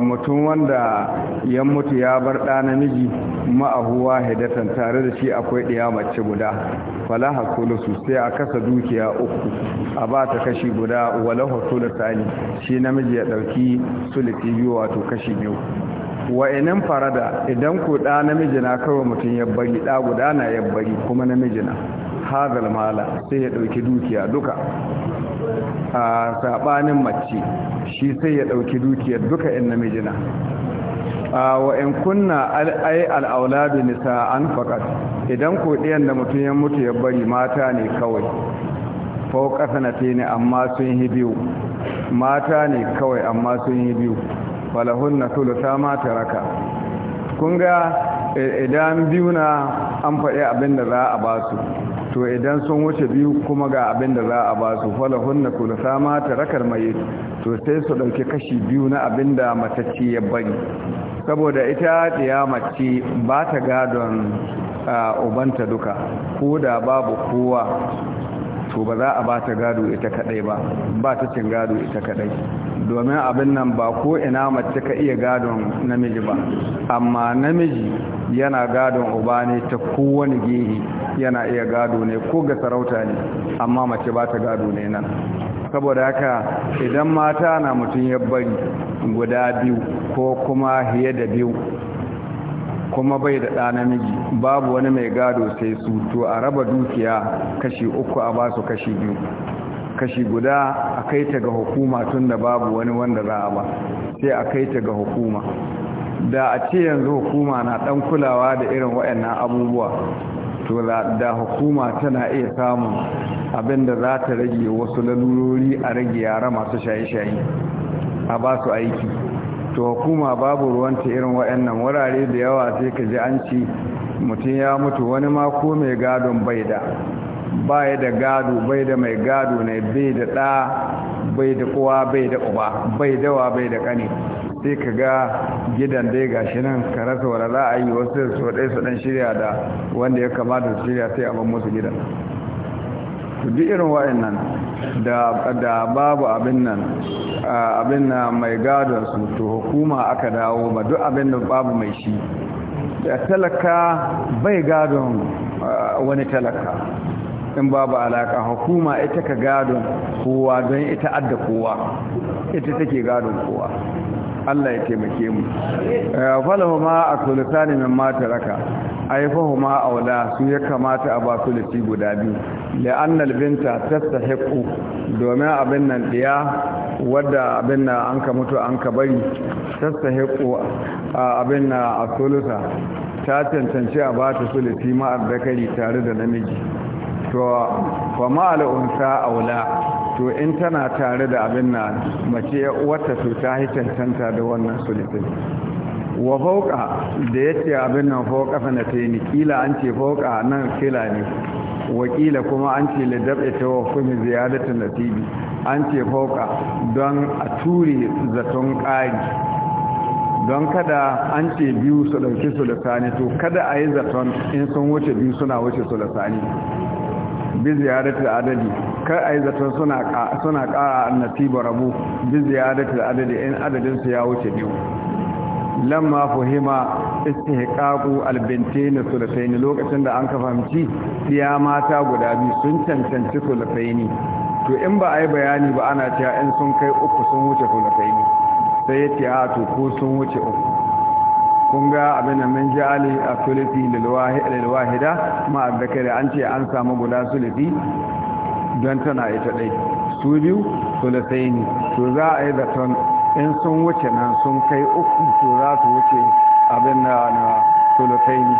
mutum wanda ya mutu ya bar ɗa namiji ma'ahuwa hedatan tare da shi akwai ɗiya mace guda fala falaha su sai a kasa dukiya uku a ba ta kashi guda da sulusani shi namiji ya ɗauki sulusi biyu wato kashi biyu wa farada idan ku ɗa namiji na kawai mutum ya bari ɗa guda na ya bari kuma namiji na hazal mala sai ya ɗauki dukiya duka a sabanin mace shi sai ya dauki dukiyar duka in namiji na wa in kunna ai nisa an faqat idan ko da mutum ya mutu ya bari mata ne kawai fauka te ne amma sun yi biyu mata ne kawai amma sun yi biyu falahun na ta mata raka kun ga idan biyu na an faɗi abin da za a ba su to idan sun wuce biyu kuma ga abin da za a ba su falahun na sama ta rakar mai to sai su ɗauki kashi biyu na abin da matacce ya bari saboda ita ya mace ba ta gadon ah, ubanta duka ko da babu kowa to ba za a ba ta gado ita kadai ba ba ta cin gado ita kadai domin abin nan ba ko ina mace ka iya gadon namiji ba amma namiji yana gadon uba ne ta kowane gehe yana iya gado ne ko ga sarauta ne amma mace ba ta gado ne nan saboda haka idan mata na mutum ya bari guda biyu ko kuma hiye da biyu kuma bai da ɗa namiji babu wani mai gado sai su to a raba dukiya kashi uku a ba su kashi biyu kashi guda a kai ta ga hukuma tun da babu wani wanda za a ba sai a kai ta ga hukuma da a ce yanzu hukuma na ɗan kulawa da irin waɗannan abubuwa to da hukuma tana iya samun abin da za ta rage wasu lalurori a rage yara masu shaye-shaye a ba su aiki to hukuma babu ruwanta irin waɗannan wurare da yawa sai ka ji an ci mutum ya mutu wani ma ko mai gadon bai da bai da gado bai da mai gado ne bai da ɗa bai da kowa bai da uba bai dawa bai da ƙani sai ka ga gidan dai gashi nan ka rasa wani yi wasu su ɗai su ɗan shirya da wanda ya kamata su shirya sai a ban musu gidan duk irin wa'in da da babu abin nan abin na mai gadon su to hukuma aka dawo ba duk abin da babu mai shi da talaka bai gadon wani talaka in babu alaka hukuma ita ka gadon kowa don ita adda kowa ita take gadon kowa Allah ya taimake mu eh, falahuma akulutani min ma taraka aifahuma aula su ya kamata a ba su lati guda biyu Binta, binta tastahiqu domin abin nan diya wadda abin na an ka mutu an ka bari tastahiqu abin na asulusa ta cancanci a ba ta sulusi ma'ar zakari tare da namiji to fa ma'al unsa aula to in tana tare da abin na mace wata to ta yi cancanta da wannan sulifin wa fauka da ya ce abin nan fauka fanatini kila an ce fauka nan kila ne wakila kuma an ce lidabta ta wakumi ziyadatin nasibi an ce fauka don a ture zaton ƙari don kada an ce biyu su dauki su to kada a yi zaton in sun wuce biyu suna wuce su bi ziyaratul adadi kar a yi zaton suna ƙara annati barabu bi ziyaratul adadi in adadin su ya wuce biyu lamma fuhima istihqaqu albintayn sulatayn lokacin da an ka fahimci diya mata guda biyu sun cancanci sulatayn to in ba ai bayani ba ana cewa in sun kai uku sun wuce sulatayn sai ya ce a to ko sun wuce uku kun ga abin min Ali a sulufi lilwahida a zakari an ce an samu guda sulufi don tana ita ɗai su biyu sulusai ne to za a yi zaton in sun wuce nan sun kai uku to za su wuce abin da na sulusai ne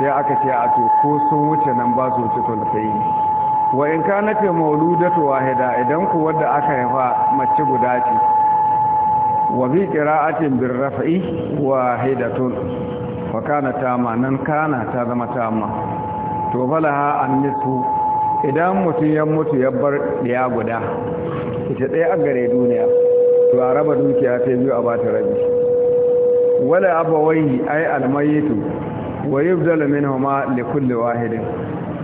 sai aka ce a to ko sun wuce nan ba su wuce sulusai ne wa in ka nace mauludatu wahida idan ku wadda aka haifa mace guda ce wa bi qira'atin bir raf'i wahidatun fa kana tama nan kana ta zama tama to falaha an nisu idan mutum ya mutu ya bar ɗaya guda ita ɗaya a gare duniya to a raba dukiya ta biyu a bata rabi wala abawai ai almayitu wa yubdal minhuma li kulli wahidin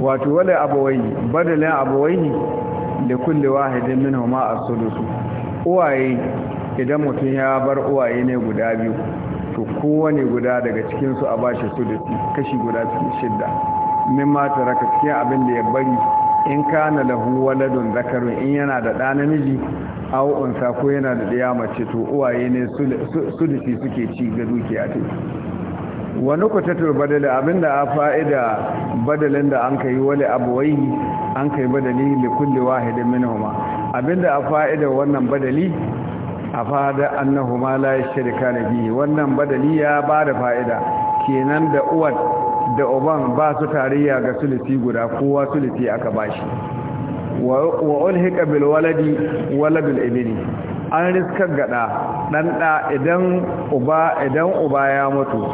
wato wala abawai badalin abawai li kulli wahidin minhuma as-sudus uwaye idan mutum ya bar uwaye ne guda biyu to kowane guda daga cikinsu a bashi su da kashi guda su shidda min ta raka cikin abin da ya bari in kana huwa ladon zakarun in yana da ɗa namiji aw unsa ko yana da ɗaya mace to uwaye ne su da suke ci ga dukiya ta wani kwatatul badala abinda a fa'ida badalin da an kai wale abuwai an kai badali da kulle wahidin abin abinda a fa'ida wannan badali a fada annahu ma la yashrika bihi wannan badali ya ba da fa'ida kenan da uwar da uban ba su tarayya ga sulisi guda kowa sulisi aka bashi wa ulhiqa bil waladi waladul ibni an riska gada dan da idan uba idan uba ya mutu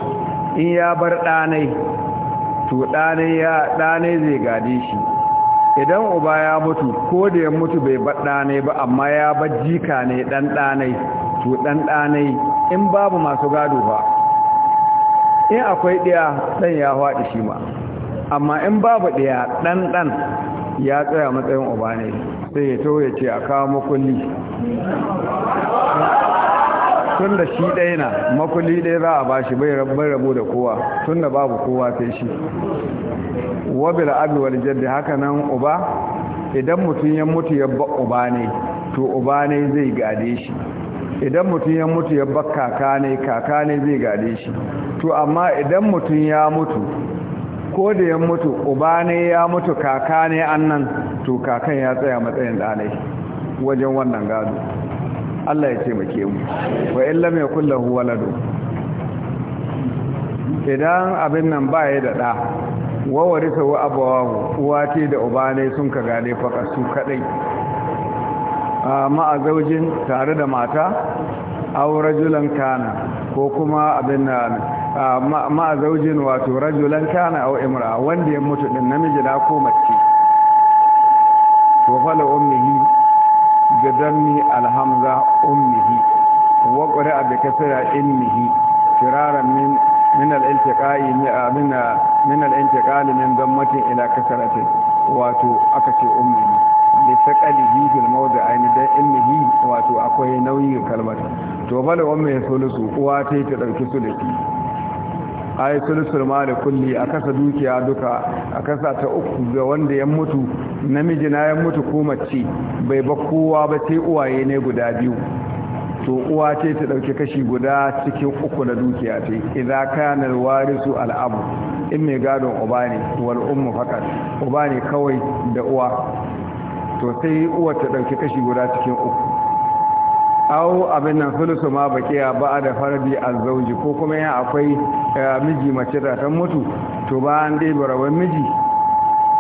in ya bar danai to danai ya danai zai gade shi idan uba ya mutu ko da ya mutu bai baɗa ne ba amma ya ka ne ɗan ɗanai to ɗan ɗanai in babu masu gado ba in akwai ɗaya ɗan ya haɗi shi ma amma in babu ɗaya ɗan ɗan ya tsaya matsayin uba ne sai ya to ya ce a kawo makulli tun da shi ɗaya na makulli ɗaya za a ba shi bai rabu da kowa tun da babu kowa sai shi wa bil abi wal jaddi haka nan uba idan mutum ya mutu ya ba uba ne to uba ne zai gade shi idan mutum ya mutu ya ba kaka ne kaka ne zai gade shi to amma idan mutum ya mutu ko da ya mutu uba ne ya mutu kaka ne annan to kakan ya tsaya matsayin ɗanai wajen wannan gado Allah ya taimake mu wa illa mai kullahu waladu idan abin nan ba ya da ɗa wawari wa abawahu uwa ce da uba ne sun ka gane faka su kadai ma'a zaujin tare da mata au rajulan kana ko kuma abin na ma'a zaujin wato rajulan kana au imra wanda ya mutu din namiji da ko mace wa fala ummihi ga dammi alhamza ummihi wa qira'a bi kasra ummihi firaran min min al-iltiqa'i min min al-intiqal min dammatin ila kasratin wato aka ce ummi da saqalihi bil mawdi'ain dan ummihi wato akwai nauyin kalmar to bala ya sulusu uwa ta ta dauki sulusi ai ma da kulli a kasa dukiya duka a kasa ta uku ga wanda ya mutu namiji na ya mutu ko mace bai ba kowa ba sai uwaye ne guda biyu to uwa ce ta dauki kashi guda cikin uku na dukiya ce idza kana alwarisu al'abu in mai gadon uba ne wal ummu fakat uba ne kawai da uwa to sai uwa ta dauki kashi guda cikin uku aw abin nan sulusu ma bakiya ba da farbi azauji ko kuma ya akwai eh, miji mace da ta mutu to ba an dai barawan miji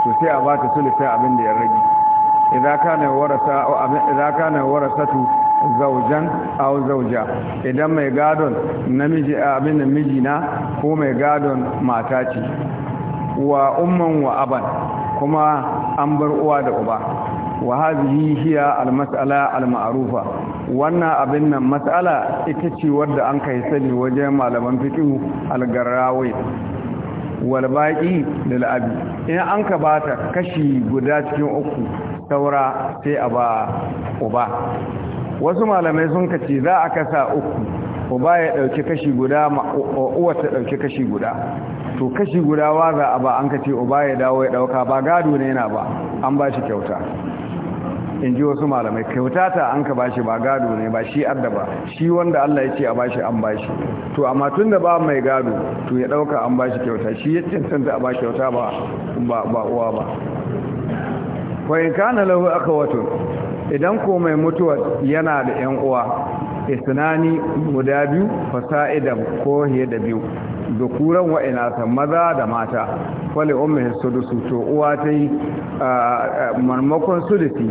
to sai a ba ta sulusa abin da ya rage idan kana warasa idza kana warasatu Zaujen aw zauja idan mai gadon namiji abin mijina ko mai gadon mata ce wa umman wa aban kuma an bar uwa da uba wa hadhihi hiya al-mas'ala al-ma'rufa wannan abin nan mas'ala ita ce wadda an kai sani wajen malaman fiqh al-garrawi wal baqi lil abi in an ka bata kashi guda cikin uku saura sai a ba uba wasu malamai sun kace za a kasa uku uba ya dauki kashi guda uwa ta dauki kashi guda to kashi guda wa za a ba an kace uba ya dawo ya dauka ba gado ne yana ba an ba shi kyauta in ji wasu malamai kyauta ta an ka bashi ba gado ne ba shi addaba shi wanda Allah ya ce a bashi an bashi to amma tun da ba mai gado to ya dauka an bashi kyauta shi ya cancanta a ba kyauta ba ba uwa ba fa in kana lahu akhawatun idan ko mai mutuwa yana da yan uwa isnani guda biyu fasa'ida ko hiye da biyu da kuran wa'inasa maza da mata wale umar su to uwa ta yi marmakon sudusi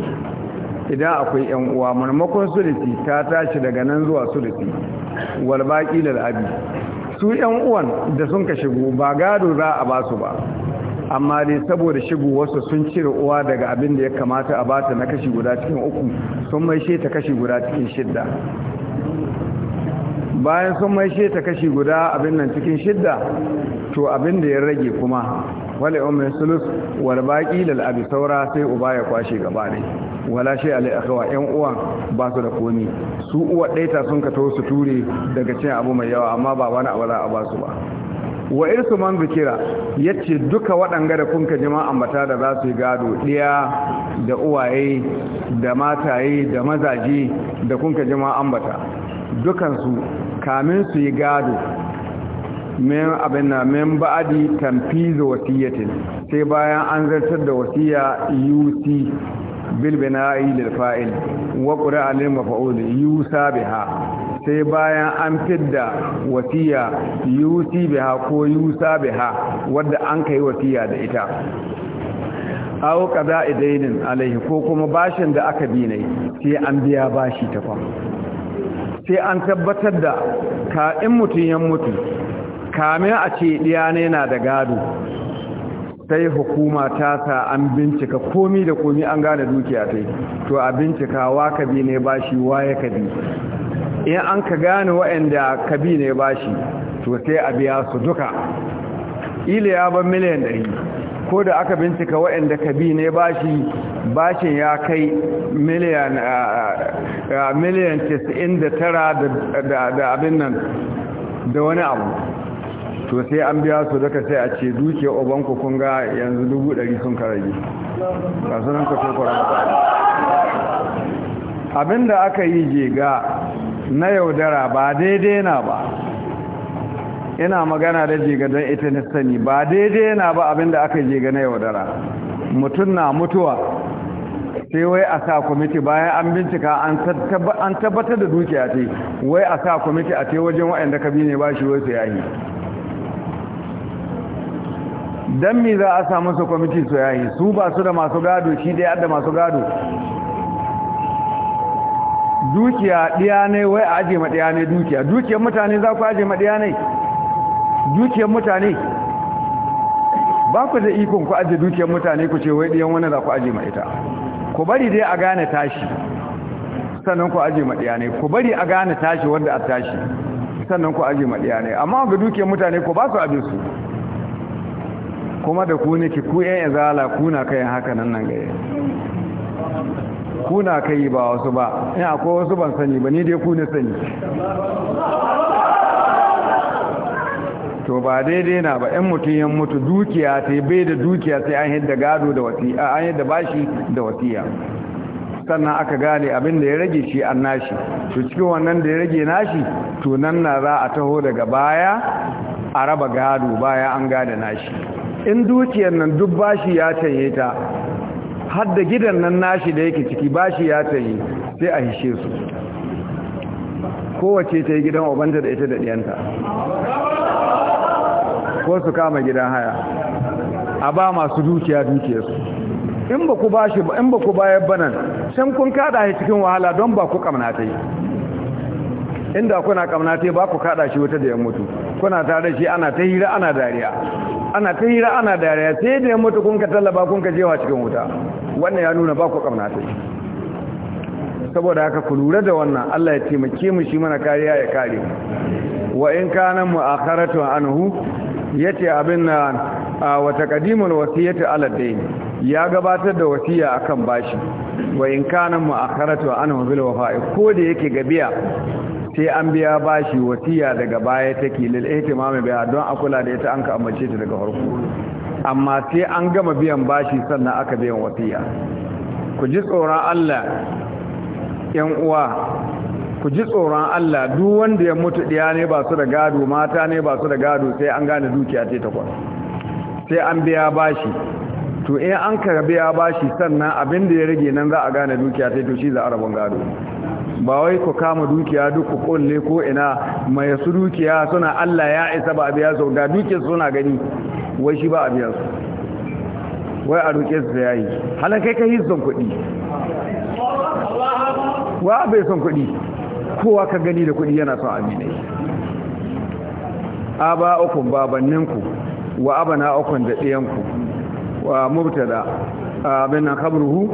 idan akwai yan uwa marmakon sulisi ta tashi daga nan zuwa sulisi walbaƙi da abi su yan uwan da sun ka shigo ba gado za a ba su ba amma dai saboda shigowarsa sun cire uwa daga abin da ya kamata a bata na kashi guda cikin uku sun she ta kashi guda cikin shidda bayan sun she ta kashi guda abin nan cikin shidda to abin da ya rage kuma wale mai sulus wal baki lal abi saura sai uba ya kwashe gaba ne wala shi alai akawa yan uwan ba su da komi su uwa ɗaita sun ka to su ture daga cin abu mai yawa amma ba wani abu za a ba su ba wa irsu man zikira yace duka waɗanga da kunka jama'a mata da za su yi gado ɗiya da uwaye da mataye da mazaje da kunka jama'a ambata dukansu kamin su yi gado min abin na min ba'adi tamfizu wasiyatin sai bayan an zartar da wasiya UC bil bina'i lil fa'il wa qura'a lil mafa'ul yusa biha sai bayan an fidda wasiya yusi biha ko yusa biha wadda an kai wasiya da ita aw kaza idainin alaihi ko kuma bashin da aka bi ne sai an biya bashi ta kwam. sai an tabbatar da ka in mutun yan mutu kamin a ce diya ne na da gado sai hukuma ta sa an bincika komi da komi an gane dukiya ta to a bincika wa ka bi ne bashi wa ya ka bi in an ka gane waɗanda kabi ne ba shi to sai a biya su duka ila ya ban miliyan ɗari ko da aka bincika waɗanda kabi ne ba shi bashin ya kai miliyan 99 da abin nan da wani abu to sai an biya su duka sai a ce duke obanku kun ga yanzu dubu ɗari sun karage ga sunan ku Abin abinda aka yi jega na yaudara ba daidai na ba ina magana da jiga don ita na sani ba daidai na ba abinda aka yi na yaudara mutum na mutuwa sai wai a sa kwamiti bayan an bincika an tabbatar da dukiya ce wai a sa kwamiti a ce wajen waɗanda ka ne ba shi wasu yayi don mi za a sa musu kwamiti su yayi su ba su da masu gado shi dai da masu gado dukiya ɗiya ne wai a ajiye ma ne dukiya dukiyar mutane za ku ajiye ma ne dukiyar mutane ba ku da ikon ku ajiye dukiyar mutane ku ce wai ɗiyan wani za ku ajiye ma ita ku bari dai a gane tashi sannan ku ajiye ma ne ku bari a gane tashi wanda a tashi sannan ku ajiye ma ne amma ga dukiyar mutane ku ba ku abin su kuma da ku ne ki ku yan izala na kayan haka nan nan gaya kuna kai ba wasu ba ina ko wasu ban sani ba ni dai ku ne sani to ba daidai na ba in mutum ya mutu dukiya sai bai da dukiya sai an yadda gado da wasiya an bashi da wasiya sannan aka gane abin da ya rage shi an nashi to cikin wannan da ya rage nashi to nan na za a taho daga baya a raba gado baya an gada nashi in dukiyar nan duk bashi ya canye ta har da gidan nan nashi da yake ciki bashi ya tayi sai a hishe su kowace ta yi gidan obanta da ita da ɗiyanta ko su kama gidan haya a ba masu dukiya dukiyarsu in ba ku bashi in ba ku bayar banan can kun kada shi cikin wahala don ba ku kamna ta yi inda kuna kamna ta yi ba ku kada shi wata da ya mutu kuna tare shi ana ta hira ana dariya ana ta hira ana dariya sai da ya mutu kun ka tallaba kun ka jewa cikin wuta wannan ya nuna ba ku kamna ta saboda haka ku lura da wannan Allah ya taimake mu shi mana kariya ya kare wa in kana mu'akharatu anhu yace abin na wa taqdimul wasiyati ala dayn ya gabatar da wasiya akan bashi wa in kana Akharatu anhu bil wafa'i ko da yake gabiya sai an biya bashi wasiya daga baya take lil ihtimami biya don a kula da ita an ka amince ta daga farko amma sai an gama biyan bashi sannan aka biyan wasiya ku ji tsoron Allah yan uwa ku ji tsoron Allah duk wanda ya mutu ɗiya ne ba su da gado mata ne ba su da gado sai an gane dukiya ce takwas sai an biya bashi to in an ka biya bashi sannan abin da ya rage nan za a gane dukiya ce to shi za a rabon gado ba wai ku kama dukiya duk ku kulle ko ina mai su dukiya suna Allah ya isa ba a biya su ga dukiya suna gani wai shi ba a biya su wai a roƙe su ya yi halin kai kai son kuɗi wa bai son kuɗi kowa ka gani da kuɗi yana son aminai aba babannin ku wa abana uku da ku wa mubtada abin nan kabruhu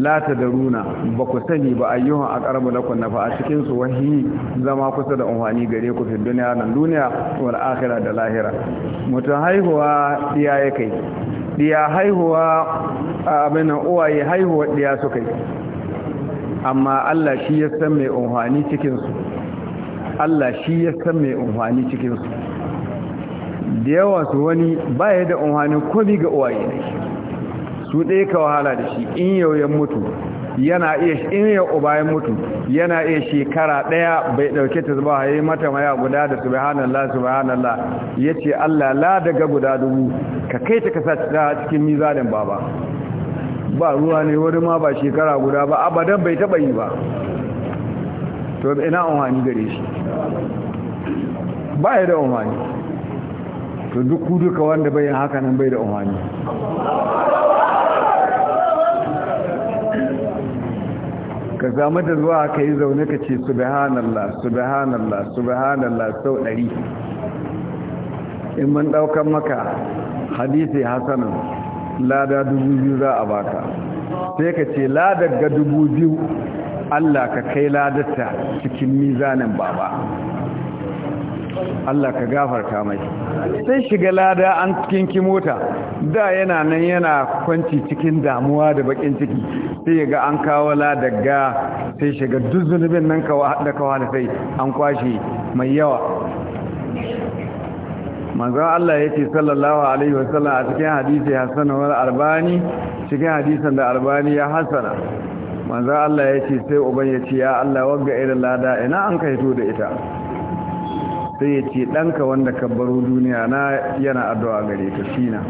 la runa ba ku sani ba ayyuhan aqrabu lakum nafa a cikin su wahi zama kusa da amfani gare ku fi duniya nan duniya wal akhirah da lahira mutum haihuwa diya yake diya haihuwa abin uwaye haihuwa diya suka yi amma Allah shi ya san mai amfani cikin su Allah shi ya san mai amfani cikin su da yawa su wani baya da amfani komi ga uwaye ne su ɗaya ka wahala da shi in yauyen mutu yana iya in yau uba ya mutu yana iya shekara ɗaya bai ɗauke ta zuba ya yi mata maya guda da subhanallah subhanallah ya ce allah la daga guda dubu ka kai ta kasa cikin mizanin baba ba ruwa ne wani ma ba shekara guda ba abadan bai taɓa yi ba to ina umarni gare shi ba ya da umarni to duk ku duka wanda bai haka nan bai da umarni ka zama da zuwa ka yi zaune ka ce subhanallah subhanallah subhanallah sau ɗari in mun ɗaukan maka hadisi hasanin lada dubu biyu za a baka sai ka ce ladar ga dubu biyu allah ka kai ladarta cikin mizanin baba Allah ka gafarta mai sai shiga lada an kinki mota da yana nan yana kwanci cikin damuwa da bakin ciki sai ya ga an kawo lada ga sai shiga duk zunubin nan da kawo da sai an kwashe mai yawa manzo Allah ya ce sallallahu alaihi wa sallam a cikin hadisi Hassan wal Albani cikin hadisin da Albani ya hasana manzo Allah ya ce sai uban ya ce ya Allah wagga irin lada ina an kaito da ita sai ya ce ɗanka wanda ka baro duniya na yana addu'a gare ka shi na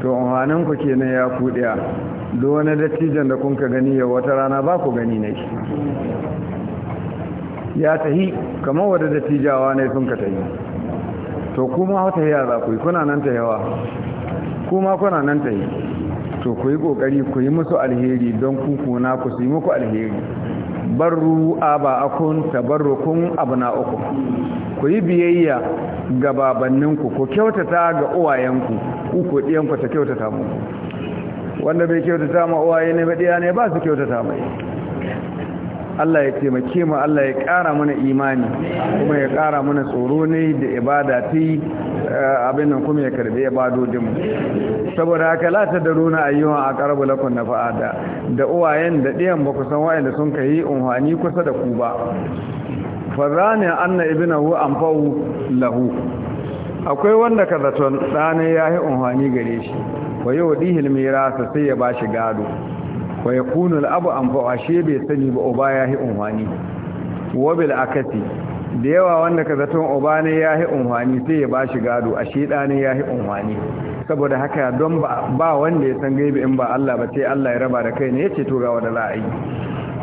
to amfanin ku kenan ya kuɗiya duk wani dattijan da kun ka gani yau wata rana ba ku gani ne ya tahi kamar wadda dattijawa ne sun ka tahi to kuma wata yara ku yi kuna nan ta yawa kuma kuna nan ta yi to ku yi ƙoƙari ku yi musu alheri don kuku na ku su yi muku alheri barru abu na uku, ku yi biyayya ga babanninku ku kyautata ga uwayenku ku ku diyanku ta kyautata muku wanda bai kyautata ma uwaye ne ba diya ne ba su kyautata mai Allah ya taimake mu Allah ya ƙara mana imani kuma ya ƙara mana tsoro ne da ibada ta eh, abin nan kuma ya karbi ibadodin mu saboda haka la ta daruna ayyuhan aqrabu lakum nafa'ada da uwayen da ɗiyan ba ku san wa'anda sun kai unhani kusa da ku ba farrani anna ibnahu anfa'u lahu akwai wanda ka zaton ɗane ya yi unhani gare shi wa yau dihil mirasa sai ya bashi gado wa yakunu al-abu anfa ashe bai sani ba uba yahi unwani wa bil akati da yawa wanda ka zaton uba ne hi unwani sai ya bashi gado ashe da ya hi unwani saboda haka don ba wanda ya san gaibi in ba Allah ba sai Allah ya raba da kai ne yace to ga wanda za a yi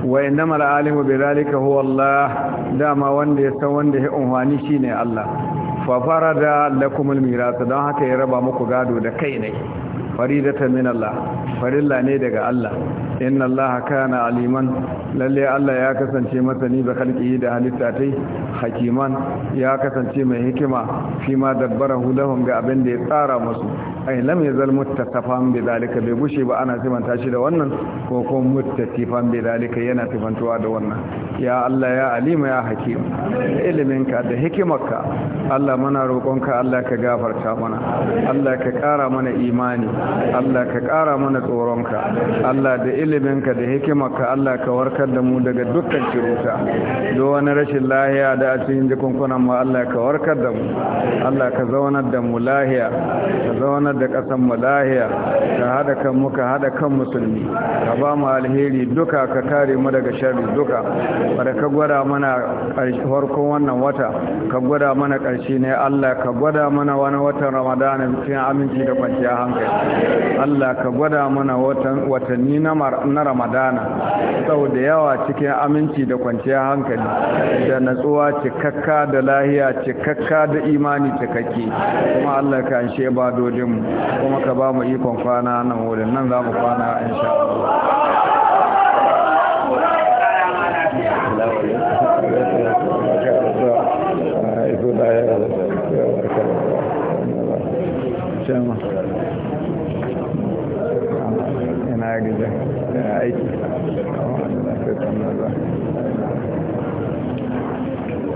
wa innama alimu bi zalika huwa Allah dama wanda ya san wanda ya unwani shine Allah fa farada lakum al don haka ya raba muku gado da kai ne faridatan min Allah farilla ne daga Allah inna allaha kana aliman lalle Allah ya kasance masani da kalki da halittata hakiman ya kasance mai hikima fi ma dabbarahu lahum ga abin da ya tsara musu ai lam yazal muttasafan bi zalika bai gushe ba ana sifanta shi da wannan ko ko muttasifan bi zalika yana sifantuwa da wannan ya Allah ya alima ya hakim iliminka da hikimarka Allah muna roƙonka Allah ka gafarta mana Allah ka ƙara mana imani Allah ka ƙara mana tsoronka Allah da ilimin iliminka da hikimarka Allah ka warkar da mu daga dukkan ciruta do wani rashin lahiya da a cikin jikunkunan mu Allah ka warkar da mu Allah ka zaunar da mu lahiya ka zaunar da ƙasar mu lahiya ka hada kan mu ka hada kan musulmi ka ba mu alheri duka ka kare mu daga sharri duka wanda ka gwada mana farkon wannan wata ka gwada mana ƙarshe ne Allah ka gwada mana wani watan Ramadan cikin aminci da kwanciyar hankali Allah ka gwada mana watanni na mara na ramadana sau da yawa cikin aminci da kwanciyar hankali da natsuwa cikakka da lahiya cikakka da imani cikakke kuma allah ka anshe ba dodinmu kuma ka ba mu ikon kwana nan wurin nan za mu kwana insha Thank you. ya aiki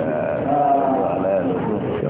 Thank you.